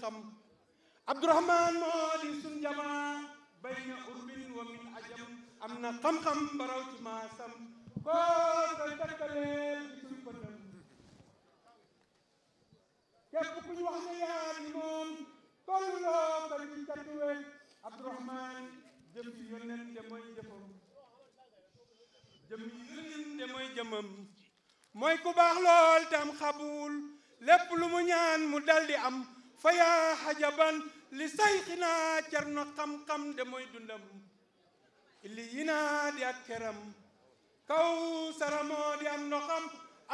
xam abdourahman moo di sun jamaa bayna urbin wa min ajam am na xam-xam baraw ci maasam koo ko takkalee bisu pëndam képp ku ñu wax ne yaa di moom tolloo ko ci tatuwe abdourahman jëm ci yónneen te mooy jëfam jëm ku baax lool tam xabul lépp lu mu ñaan mu dal am fa yaa xajaban li sayxinaa cerno xam-xam de mooy dundam li yinaa di ak keram kaw sara moo di am ndoxam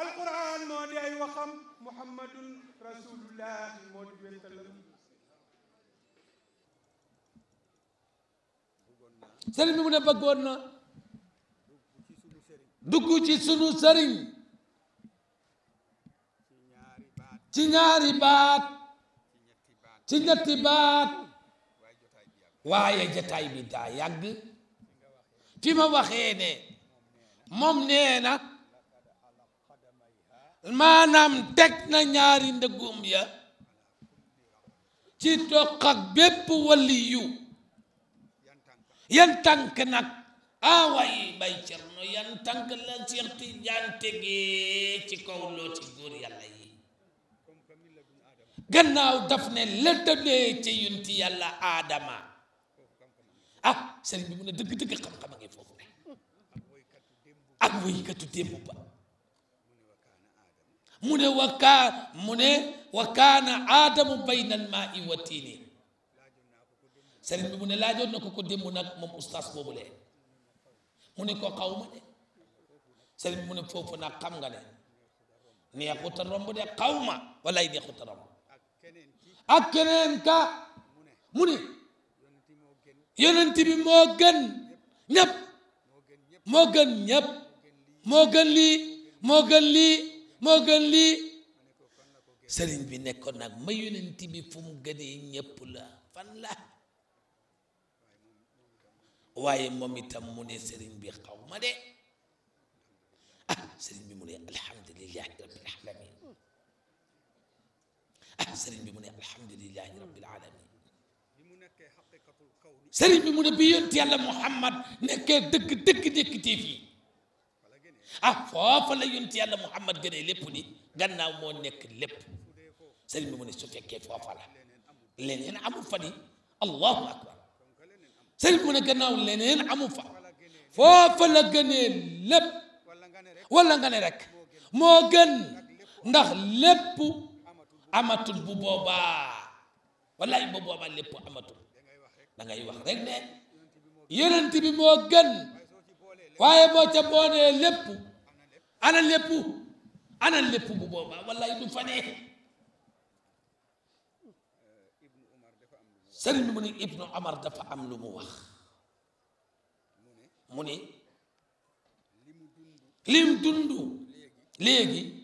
alquran moo di ay waxam muhammadun rasulullah moo di wéttalam sëriñ bi mu ne bëggoon na dugg ci sunu sëriñ ci ñaari baat ci ñetti baat waaye jataay bi daa yàgg fi ma waxee ne moom nee na maanaam teg na ñaari ndëggum ya ci toq ak bépp waliyu yan tànk nag away ah, bay cerno yan tànk la Seex Tijaan tegee ci kaw loo ci góor yàlla gannaaw daf ne la dalee ci yunti yàlla aadama ah sëriñ bi mu ne dëgg-dëgg xam-xam a ngi foofu ne ak ba mu ne wakaa mu ne wakaana aadamu baynal maa i wa tiini sëriñ bi mu ne laajoon na ko ko démb nag moom ustaas boobu lee mu ne ko xaw ma de sëriñ bi mu ne foofu nag xam nga ne neexuta romb de xaw ak keneen ka mu ne yonent bi moo gën ñëpp moo gën ñëpp moo gën lii moo gën lii moo gën lii sëriñ bi nekkoon nag ma yonent bi mu gënee ñëpp la fan la waaye moom itam mu ne sëriñ bi xaw ma de ah sëriñ bi mu ne alhamdulillahi rabbil alamin سرين من الحمد لله رب العالمين سرين من بيونتي على محمد نك دك دك دك تيفي أفوا آه، فلا يونتي على محمد جري لبني جنا مون لب سرين بمونة شوف كيف وافلا لينين أمو فني الله أكبر سرين بمونة جنا ولينين أمو فا فوفلا جني لب ولا جني رك مو جن نخ لبو amatul bu boobaa wallaay bu boobaa lépp amatul da ngay wax rek ne yonent bi moo gën waaye boo ca boonee lépp ana lépp ana lépp bu boobaa wallaay du fanee sëriñ bi mu ne ibnu omar dafa am lu mu wax mu ne lim dund léegi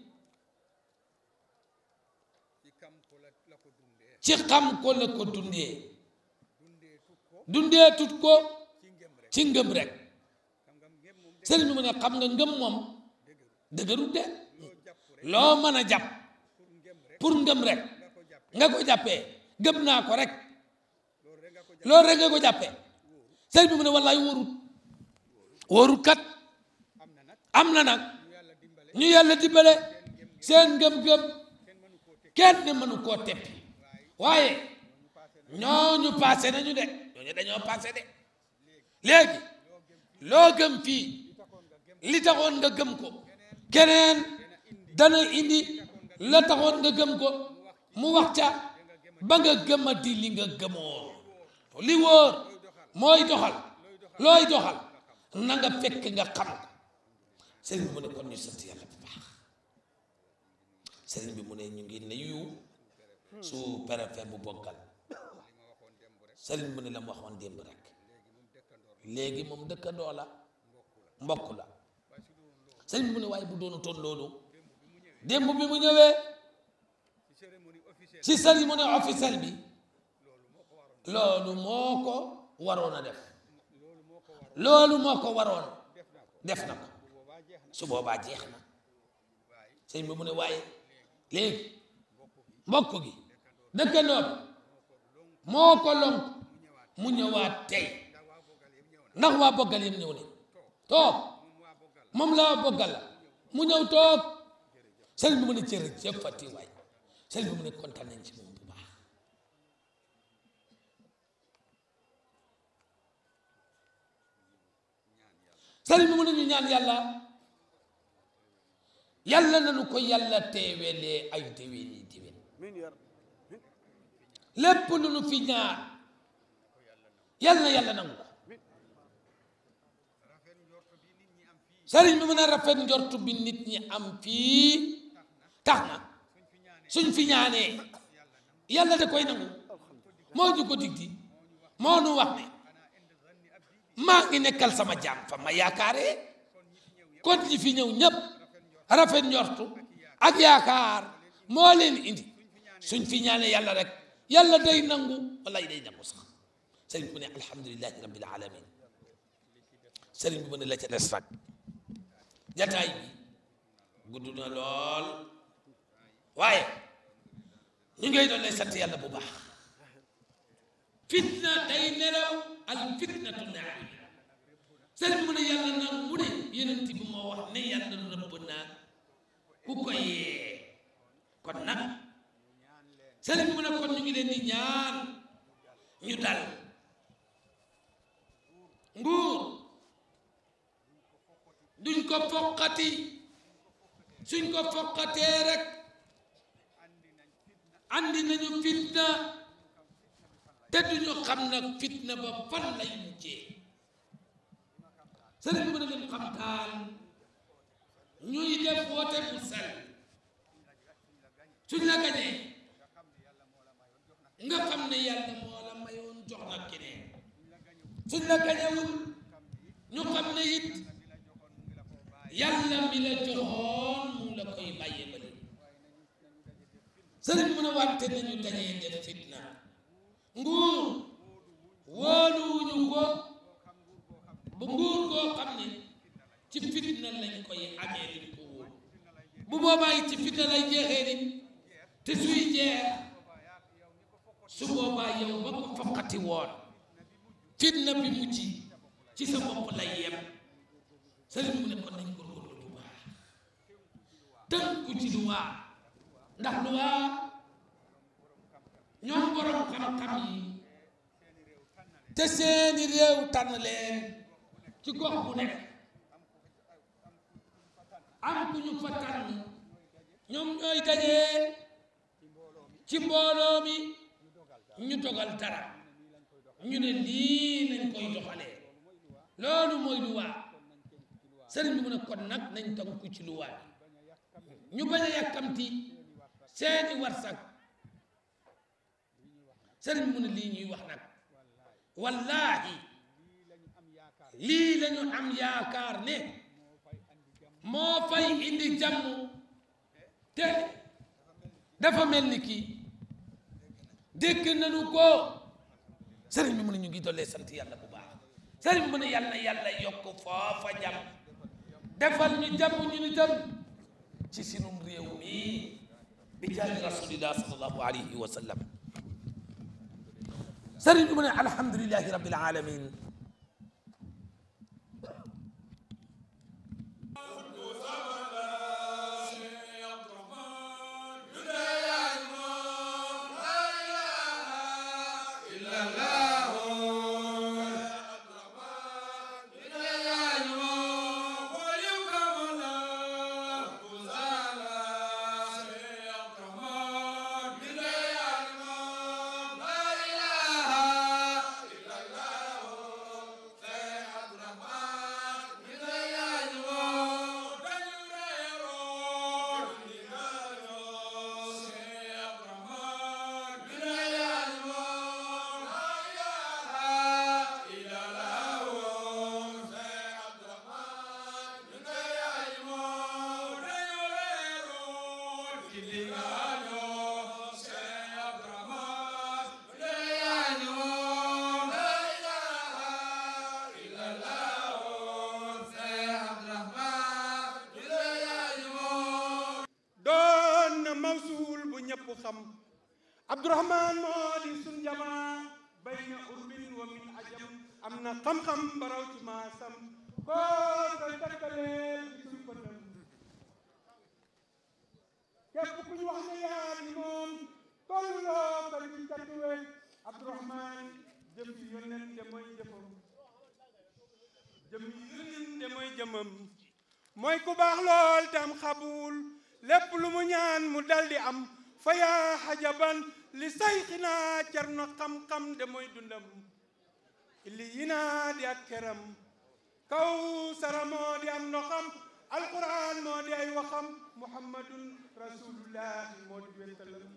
ci xam ko la ko dundee dundee tut ko ci ngëm rek sëriñ bi mu ne xam nga ngëm moom dëgërut de loo mën a jàpp pour ngëm rek nga ko jàppee gëm naa ko rek loolu rek nga ko jàppee sëriñ bi mu ne wallaay wóorut wóorut kat am na nag ñu yàlla dimbale seen ngëm-ngëm kenn mënu koo teppi waaye ñooñu passé nañu de ñooñu dañoo passé de léegi loo gëm fii li taxoon nga gëm ko keneen dana indi la taxoon nga gëm ko mu wax ca ba nga gëmati li nga gëmoon li wóor mooy doxal looy doxal na nga fekk nga xam ko sëriñ mu ne kon ñu sant yàlla bu baax sëriñ mu ne ñu ngi nuyu su préfet bu bokkal sëriñ bu ne la waxon démb rek léegi moom dëkkandoo la mbokk la sëriñ bu ne way bu doonu ton lolu démb bi mu ñewé ci cérémonie officielle bi loolu moo ko waroon a def lolu moko warona def nako su boba jeex na sëriñ bi mu ne way legi mbokk gi moo ko lonk mu ñëwaat tey ndax waa boggal yëpp ñëw ne toog moom la waa boggal la mu ñëw toog sëriñ bi mu ne jërëjëf Fatick waay sëriñ bi mu ne kontaan nañ bu baax sëriñ bi mu ne ñaan yàlla yàlla nañu ko yàlla teewelee ay déwén yi déwén lépp lu nu fi ñaar yal na yàlla nangu ko sëriñ bi rafet njortu bi nit ñi am fii tax na suñ fi ñaanee yàlla da koy nangu moo ñu ko dig di moo nu wax maa ngi nekkal sama jaam fa ma yaakaaree kon ñi fi ñëw ñëpp rafet njortu ak yaakaar moo leen indi سن في نيانا يلا رك يلا داي نانغو والله داي نانغو صح سيرين بني الحمد لله رب العالمين سيرين بني الله يا جاتاي غودونا لول واي نيغي دولي سات يلا بو باخ فتنه داي نلو الفتنه النعيم سيرين بني يلا نانغو مودي يننتي بما واخ ني يالنا ربنا كوكاي sëriñ bi mu ne kon ñu ngi leen di ñaan ñu dal nguur duñ ko foqati suñ ko foqatee rek andi nañu fitna te duñu xam nag fitna ba fan lay mujjee sëriñ bi mu ne leen suñ la gañee nga xam ne yàlla moo la mayoon jox na keneen suñ la gañewul ñu xam ne it yàlla mi la joxoon mu la koy bàyyi ba léegi sëriñ mën a wàtte nañu dajee def fitna nguur wóoluwuñu ko bu nguur koo xam ne ci fitna lañ koy amee di ko wóolu bu boobaa yi ci fitna lay jeexee ni te suy jeex su boobaa yow ba ko foqati woon fitna bi mujj ci sa lay yem sëriñ mu ne kon nañ góorgóorlu bu baax tënku ci luwaa ndax luwaa ñoom borom xam-xam seeni réew tànn leen ci gox nekk am ku ñu fa tànn ñoom ñooy dajee ci mbooloo ñu dogal dara ñu ne lii lañ koy doxalee loolu mooy luwaa sëriñ bi mu ne kon nag nañ tënku ci luwaa bi ñu bañ a yàkkamti seeni warsak sëriñ bi mu ne lii ñuy wax nag wallaahi lii lañu am yaakaar ne moo fay indi jàmm te dafa mel ni kii dégg nañu ko sëriñ bi mu ne ñu ngi dollee sant yàlla bu baax sëriñ bi mu ne yàlla yàlla yokk foofa jàmm defal ñu jàmm ñu ni tam ci sinum réew mi bi jaani rasulillah sallallahu alayhi wa sallam sëriñ bi mu ne alhamdulillahi rabbil alamin Abdourahman moo di sun jamaa bay na urbin wa min ajam am na xam-xam baraw ci maasam koo ko takkalee gisul ko tam képp ku ñu wax ne yaa di moom tolloo ko ci tatuwe Abdourahman jëm ci yónneen te mooy jëfam jëm ci yónneen te mooy jëmam mooy ku baax lool tam xabul lépp lu mu ñaan mu daldi am fa yaa xajaban li sayxinaa cerno xam-xam de mooy dundam li yinaa di ak keram kaw moo di am ndoxam alquran moo di ay waxam muhammadun rasulullah moo di wettalam